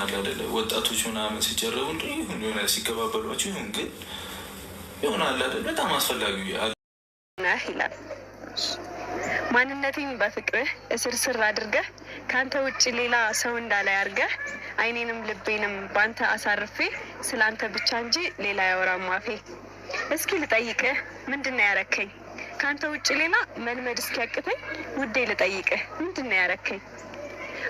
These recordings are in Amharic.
አለ ወጣቶች ምናምን ሲጀረቡ እንደ ሲገባበሏቸው ይሁን ግን የሆነ አለ አይደለ? በጣም አስፈላጊ ይላል። ማንነቴን በፍቅርህ እስር ስር አድርገህ ከአንተ ውጭ ሌላ ሰው እንዳላይ አድርገህ አይኔንም ልቤንም በአንተ አሳርፌ ስለ አንተ ብቻ እንጂ ሌላ ያወራ ማፌ። እስኪ ልጠይቅህ ምንድን ነው ያረከኝ? ከአንተ ውጭ ሌላ መልመድ እስኪያቅተኝ ውዴ ልጠይቅህ ምንድን ነው ያረከኝ?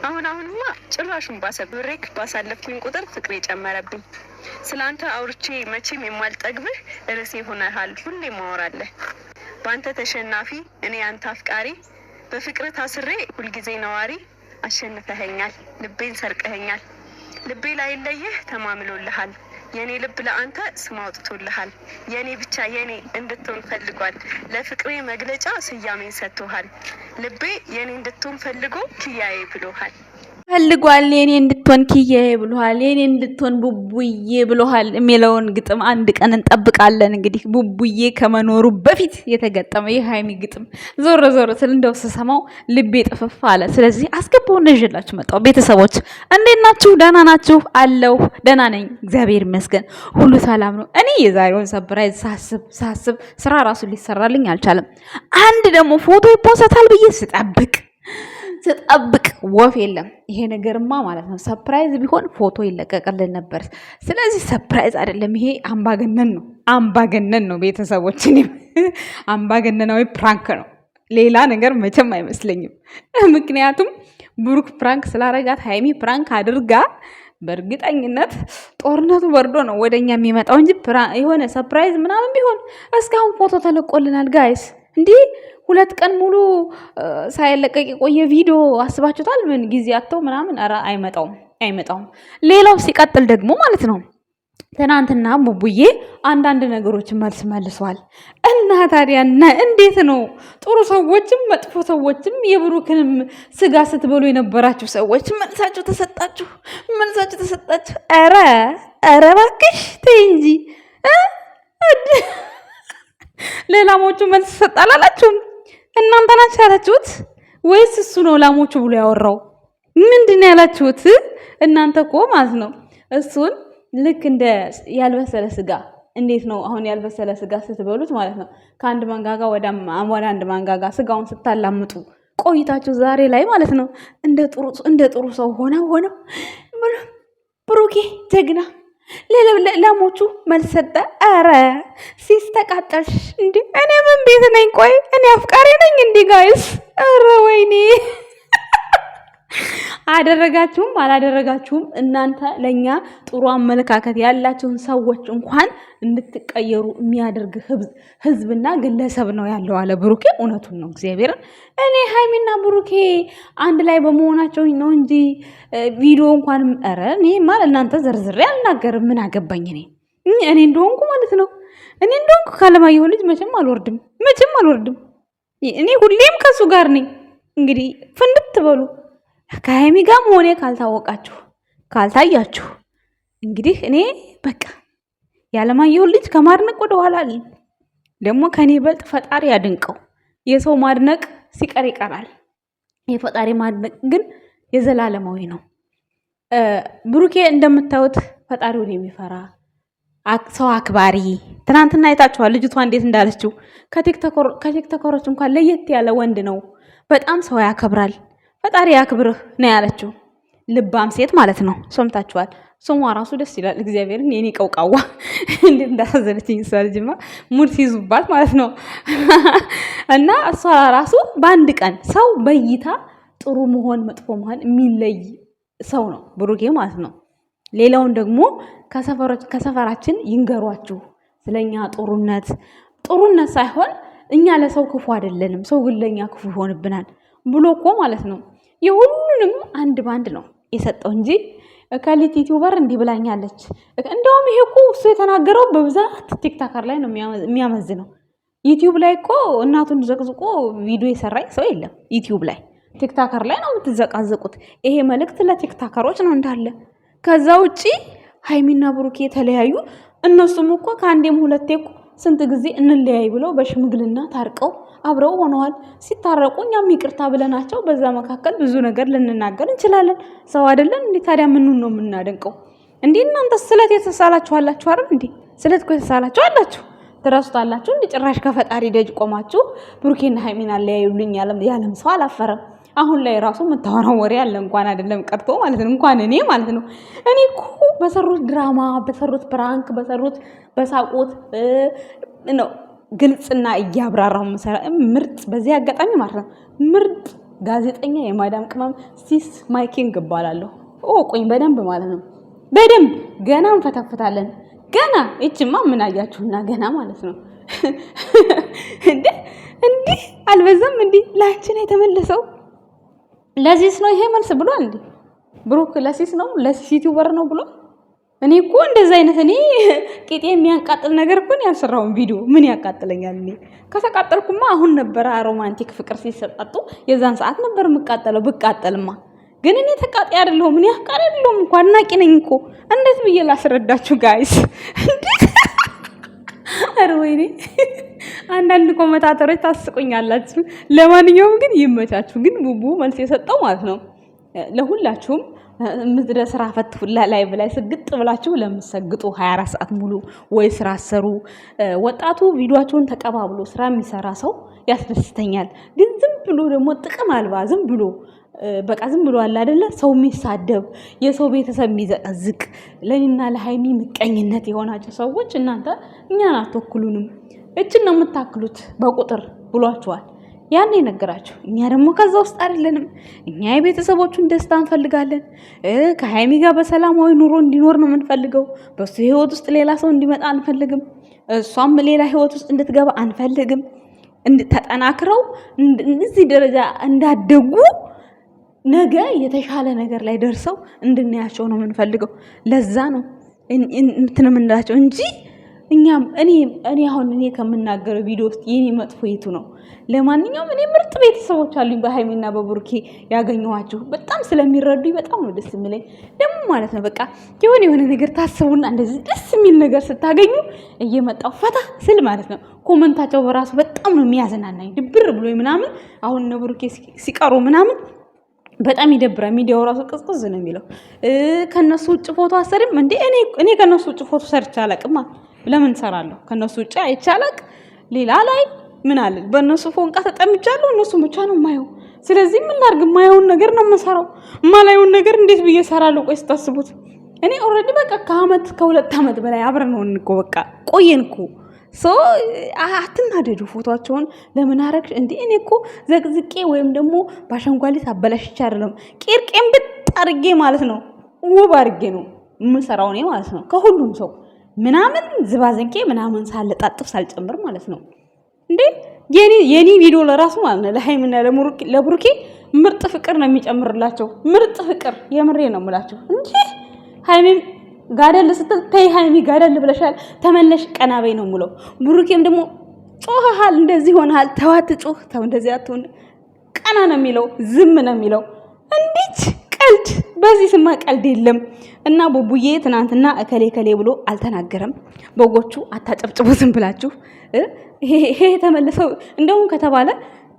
አሁን አሁንማ ጭራሹን ባሰ። ብሬክ ባሳለፍኩኝ ቁጥር ፍቅር የጨመረብኝ ስለ አንተ አውርቼ መቼም የማልጠግብህ ርዕሴ ሆነሃል። ሁሌ ማወራለህ በአንተ ተሸናፊ እኔ አንተ አፍቃሪ በፍቅር ታስሬ ሁልጊዜ ነዋሪ አሸንፈኸኛል፣ ልቤን ሰርቀኸኛል፣ ልቤ ላይ ተማምሎልሃል። የኔ ልብ ለአንተ ስም አውጥቶልሃል። የኔ ብቻ የኔ እንድትሆን ፈልጓል። ለፍቅሬ መግለጫ ስያሜን ሰጥቶሃል። ልቤ የኔ እንድትሆን ፈልጎ ክያዬ ብሎሃል። ፈልጓል የኔ እንድትሆን ኪያዬ ብሎሃል፣ የኔ እንድትሆን ቡቡዬ ብሎሃል የሚለውን ግጥም አንድ ቀን እንጠብቃለን። እንግዲህ ቡቡዬ ከመኖሩ በፊት የተገጠመ የሀይሚ ግጥም ዞር ዞር ስል እንደው ስሰማው ልቤ ጥፍፍ አለ። ስለዚህ አስገባው ነዥላችሁ መጣው። ቤተሰቦች እንዴት ናችሁ? ደህና ናችሁ? አለው ደህና ነኝ እግዚአብሔር ይመስገን፣ ሁሉ ሰላም ነው። እኔ የዛሬውን ሰብራይዝ ሳስብ ሳስብ ስራ ራሱ ሊሰራልኝ አልቻለም። አንድ ደግሞ ፎቶ ይፖሰታል ብዬ ስጠብቅ ስጠብቅ ወፍ የለም። ይሄ ነገርማ ማለት ነው ሰፕራይዝ ቢሆን ፎቶ ይለቀቅልን ነበር። ስለዚህ ሰፕራይዝ አይደለም፣ ይሄ አምባገነን ነው። አምባገነን ነው ቤተሰቦችን አምባገነናዊ ፕራንክ ነው። ሌላ ነገር መቼም አይመስለኝም። ምክንያቱም ብሩክ ፕራንክ ስላረጋት ሀይሚ ፕራንክ አድርጋ በእርግጠኝነት ጦርነቱ በርዶ ነው ወደኛ የሚመጣው እንጂ የሆነ ሰፕራይዝ ምናምን ቢሆን እስካሁን ፎቶ ተለቆልናል ጋይስ እንዲህ ሁለት ቀን ሙሉ ሳይለቀቅ የቆየ ቪዲዮ አስባችሁታል? ምን ጊዜ አተው ምናምን። ኧረ አይመጣውም አይመጣውም። ሌላው ሲቀጥል ደግሞ ማለት ነው ትናንትና ቡቡዬ አንዳንድ ነገሮችን መልስ መልሷል እና ታዲያ እንዴት ነው ጥሩ ሰዎችም መጥፎ ሰዎችም የብሩክንም ስጋ ስትበሉ የነበራችሁ ሰዎች መልሳችሁ ተሰጣችሁ፣ መልሳችሁ ተሰጣችሁ። ኧረ ኧረ እባክሽ ተይ እንጂ ለላሞቹ መልስ ሰጥ እናንተ ናችሁ ያላችሁት ወይስ እሱ ነው ላሞቹ ብሎ ያወራው? ምንድን ነው ያላችሁት እናንተ እኮ ማለት ነው። እሱን ልክ እንደ ያልበሰለ ስጋ እንዴት ነው አሁን ያልበሰለ ስጋ ስትበሉት ማለት ነው ከአንድ መንጋጋ ወደ አንድ መንጋጋ ስጋውን ስታላምጡ ቆይታችሁ ዛሬ ላይ ማለት ነው እንደ ጥሩ ሰው ሆነ ሆነ ብሩኬ ጀግና ለሞቹ መልስ ሰጠ። ሲስ ሲስተቃጠልሽ እንዲ እኔ ምን ቤት ነኝ? ቆይ እኔ አፍቃሪ ነኝ እንዲ ጋይስ። አረ ወይኔ አደረጋችሁም አላደረጋችሁም እናንተ ለእኛ ጥሩ አመለካከት ያላቸውን ሰዎች እንኳን እንድትቀየሩ የሚያደርግ ህዝብና ግለሰብ ነው ያለው አለ ብሩኬ። እውነቱን ነው እግዚአብሔርን። እኔ ሀይሚና ብሩኬ አንድ ላይ በመሆናቸው ነው እንጂ ቪዲዮ እንኳን ኧረ እኔማ እናንተ ዘርዝሬ አልናገርም። ምን አገባኝ እኔ እኔ እንደሆንኩ ማለት ነው እኔ እንደሆንኩ ካለማየሁ ልጅ መቼም አልወርድም፣ መቼም አልወርድም። እኔ ሁሌም ከሱ ጋር ነኝ። እንግዲህ ፍንድት በሉ ከሀይሚ ጋር መሆኔ ካልታወቃችሁ ካልታያችሁ እንግዲህ እኔ በቃ ያለማየሁን ልጅ ከማድነቅ ኋላ አለኝ። ደግሞ ከኔ በልጥ ፈጣሪ ያድንቀው። የሰው ማድነቅ ሲቀር ይቀራል። የፈጣሪ ማድነቅ ግን የዘላለማዊ ነው። ብሩኬ እንደምታዩት ፈጣሪውን የሚፈራ ሰው አክባሪ። ትናንትና አይታችኋል ልጅቷ እንዴት እንዳለችው። ከቲክቶከሮች እንኳን ለየት ያለ ወንድ ነው። በጣም ሰው ያከብራል። ፈጣሪ ያክብርህ ነው ያለችው። ልባም ሴት ማለት ነው። ሰምታችኋል። ስሟ ራሱ ደስ ይላል። እግዚአብሔርን የኔ ቀውቃዋ እንዴት እንዳሳዘነችኝ እሷ ልጅማ ሙድ ሲይዙባት ማለት ነው። እና እሷ ራሱ በአንድ ቀን ሰው በእይታ ጥሩ መሆን መጥፎ መሆን የሚለይ ሰው ነው ብሩጌ ማለት ነው። ሌላውን ደግሞ ከሰፈራችን ይንገሯችሁ ስለኛ ጥሩነት ጥሩነት ሳይሆን እኛ ለሰው ክፉ አይደለንም፣ ሰው ግን ለእኛ ክፉ ይሆንብናል ብሎ እኮ ማለት ነው የሁሉንም አንድ ባንድ ነው የሰጠው እንጂ ከሊት ዩቲዩበር እንዲህ ብላኛለች። እንደውም ይሄ እኮ እሱ የተናገረው በብዛት ቲክታከር ላይ ነው የሚያመዝነው። ዩቲዩብ ላይ እኮ እናቱን ዘቅዝቆ ቪዲዮ የሰራኝ ሰው የለም። ዩቲዩብ ላይ ቲክታከር ላይ ነው የምትዘቃዘቁት። ይሄ መልእክት ለቲክታከሮች ነው እንዳለ። ከዛ ውጪ ሀይሚና ብሩኬ የተለያዩ እነሱም እኮ ከአንዴም ሁለቴ እኮ ስንት ጊዜ እንለያይ ብለው በሽምግልና ታርቀው አብረው ሆነዋል። ሲታረቁ እኛም ይቅርታ ብለናቸው በዛ መካከል ብዙ ነገር ልንናገር እንችላለን። ሰው አይደለን እንዴ? ታዲያ ምኑን ነው የምናደንቀው? እንዴ እናንተ ስለት የተሳላችሁ አላችሁ አይደል? እንዴ ስለት እኮ የተሳላችሁ አላችሁ ትረሱታላችሁ። እንደ ጭራሽ ከፈጣሪ ደጅ ቆማችሁ ብሩኬና ሃይሚን አለያዩልኝ ያለም ሰው አላፈረም። አሁን ላይ ራሱ የምታወራው ወሬ አለ እንኳን አይደለም ቀርቶ ማለት ነው እንኳን እኔ ማለት ነው እኔ እኮ በሰሩት ድራማ በሰሩት ፕራንክ በሰሩት በሳቆት ነው ግልጽና እያብራራሁ ምርጥ በዚህ አጋጣሚ ማለት ነው ምርጥ ጋዜጠኛ የማዳም ቅመም ሲስ ማይኪንግ እባላለሁ። ቁኝ በደንብ ማለት ነው በደንብ ገና እንፈተፍታለን። ገና ይችማ ምን አያችሁና ገና ማለት ነው እንዴ እንዲህ አልበዛም እንዲህ ላችን የተመለሰው ለሲስ ነው ይሄ መልስ ብሎ እንዴ ብሩክ ለሲስ ነው ለሲስ ዩቲዩበር ነው ብሎ እኔ እኮ እንደዛ አይነት እኔ ቂጤ የሚያቃጥል ነገር እኮ ያልሰራውን ቪዲዮ ምን ያቃጥለኛል? እኔ ከተቃጠልኩማ አሁን ነበረ ሮማንቲክ ፍቅር ሲሰጣጡ የዛን ሰዓት ነበር የምቃጠለው። ብቃጠልማ ግን እኔ ተቃጤ አይደለሁም። እኔ አፍቃሪ አይደለሁም እንኳ አድናቂ ነኝ እኮ። እንዴት ብዬ ላስረዳችሁ ጋይስ? እንዴ ወይኔ አንዳንድ ኮመታተሮች ታስቁኛላችሁ። ለማንኛውም ግን ይመቻችሁ። ግን ቡቡ መልስ የሰጠው ማለት ነው ለሁላችሁም ምድረ ስራ ፈት ሁላ ላይ ብላይ ስግጥ ብላችሁ ለምሰግጡ 24 ሰዓት ሙሉ ወይ ስራ ሰሩ። ወጣቱ ቪዲዮአችሁን ተቀባብሎ ስራ የሚሰራ ሰው ያስደስተኛል። ግን ዝም ብሎ ደግሞ ጥቅም አልባ ዝም ብሎ በቃ ዝም ብሎ አለ አይደለ ሰው የሚሳደብ የሰው ቤተሰብ የሚዘቀዝቅ ለኔና ለሀይሚ ምቀኝነት የሆናቸው ሰዎች እናንተ እኛን አትወክሉንም። እችን ነው የምታክሉት በቁጥር ብሏቸዋል። ያን የነገራቸው እኛ ደግሞ ከዛ ውስጥ አይደለንም። እኛ የቤተሰቦቹን ደስታ እንፈልጋለን። ከሀይሚ ጋር በሰላማዊ ኑሮ እንዲኖር ነው የምንፈልገው። በሱ ህይወት ውስጥ ሌላ ሰው እንዲመጣ አንፈልግም። እሷም ሌላ ህይወት ውስጥ እንድትገባ አንፈልግም። ተጠናክረው እዚህ ደረጃ እንዳደጉ ነገ የተሻለ ነገር ላይ ደርሰው እንድናያቸው ነው የምንፈልገው። ለዛ ነው እንትን የምንላቸው እንጂ እኛም እኔ እኔ አሁን እኔ ከምናገረው ቪዲዮ ውስጥ የኔ መጥፎ የቱ ነው? ለማንኛውም እኔ ምርጥ ቤተሰቦች አሉኝ በሀይሚና በቡርኬ ያገኘኋቸው በጣም ስለሚረዱኝ በጣም ነው ደስ የሚለኝ። ደግሞ ማለት ነው በቃ የሆነ የሆነ ነገር ታስቡና እንደዚህ ደስ የሚል ነገር ስታገኙ እየመጣው ፈታ ስል ማለት ነው ኮመንታቸው በራሱ በጣም ነው የሚያዝናናኝ። ድብር ብሎ ምናምን አሁን እነ ቡርኬ ሲቀሩ ምናምን በጣም ይደብራል። ሚዲያው ራሱ ቅዝቅዝ ነው የሚለው። ከነሱ ውጭ ፎቶ አሰርም እንዴ? እኔ ከነሱ ውጭ ፎቶ ሰርቼ አላቅም። ለምን ሰራለሁ? ከነሱ ውጭ አይቻለቅ ሌላ ላይ ምን አለ? በእነሱ ፎንቃ ተጠምጃለሁ። እነሱ ብቻ ነው የማየው። ስለዚህ ምን ላድርግ? የማየውን ነገር ነው የምሰራው። የማላየውን ነገር እንዴት ብዬ ሰራለሁ? ቆይ ስታስቡት፣ እኔ ኦልሬዲ በቃ ከአመት ከሁለት አመት በላይ አብረን ነው እኮ በቃ ቆየን እኮ አትናደዱ። ፎቶቸውን ለምን አረግሽ? እንዲ እኔ እኮ ዘቅዝቄ ወይም ደግሞ በአሸንጓሊት አበላሽቼ አይደለም፣ ቄርቄን ብጥ አድርጌ ማለት ነው ውብ አድርጌ ነው የምሰራው እኔ ማለት ነው ከሁሉም ሰው ምናምን ዝባዘንቄ ምናምን ሳልጣጥፍ ሳልጨምር ማለት ነው እንዴ የኔ ቪዲዮ ለራሱ ማለት ነው ለሃይምና ለብሩኬ ምርጥ ፍቅር ነው የሚጨምርላቸው። ምርጥ ፍቅር የምሬ ነው የምላቸው እንጂ ሃይሚም ጋደል ስትል ተይ ሃይሚ ጋደል ብለሻል፣ ተመለሽ ቀና በይ ነው የምለው። ቡሩኬም ደግሞ ጮኸሃል፣ እንደዚህ ሆነሃል፣ ተዋት ጮህ፣ ተው እንደዚህ አትሆን ቀና ነው የሚለው፣ ዝም ነው የሚለው። እንዴት ቀልድ በዚህ ስማ ቀልድ የለም እና ቡቡዬ ትናንትና እከሌ ከሌ ብሎ አልተናገረም። በጎቹ አታጨብጭቡ ዝም ብላችሁ። ይሄ የተመለሰው እንደውም ከተባለ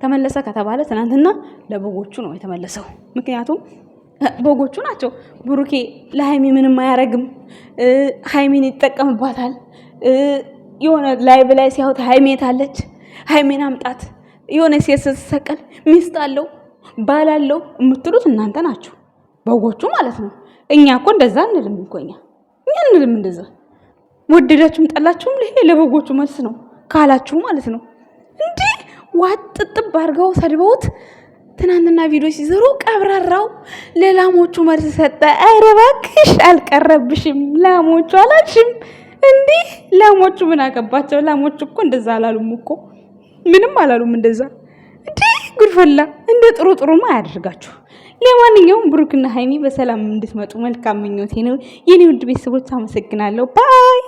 ተመለሰ ከተባለ ትናንትና ለበጎቹ ነው የተመለሰው። ምክንያቱም በጎቹ ናቸው። ብሩኬ ለሀይሚ ምንም አያረግም፣ ሀይሚን ይጠቀምባታል። የሆነ ላይ ብላይ ሲያውት ሀይሜ አለች ሀይሜን አምጣት የሆነ ሴት ስትሰቀል ሚስት አለው ባል አለው የምትሉት እናንተ ናችሁ። በጎቹ ማለት ነው። እኛ እኮ እንደዛ እንልም እኮ እኛ እኛ እንልም እንደዛ። ወደዳችሁም ጠላችሁም ይሄ ለበጎቹ መልስ ነው ካላችሁ ማለት ነው። እንዴ ዋጥጥብ አድርገው ሰድበውት ትናንትና ቪዲዮ ሲዘሩ ቀብራራው ለላሞቹ መልስ ሰጠ። ኧረ እባክሽ አልቀረብሽም፣ ላሞቹ አላልሽም። እንዲህ ላሞቹ ምን አገባቸው? ላሞቹ እኮ እንደዛ አላሉም እኮ ምንም አላሉም እንደዛ። እንዲህ ጉድፈላ እንደ ጥሩ ጥሩማ አያደርጋችሁ። ለማንኛውም ብሩክና ሀይሚ በሰላም እንድትመጡ መልካም ምኞቴ ነው። የኔ ውድ ቤተሰቦች አመሰግናለሁ። ባይ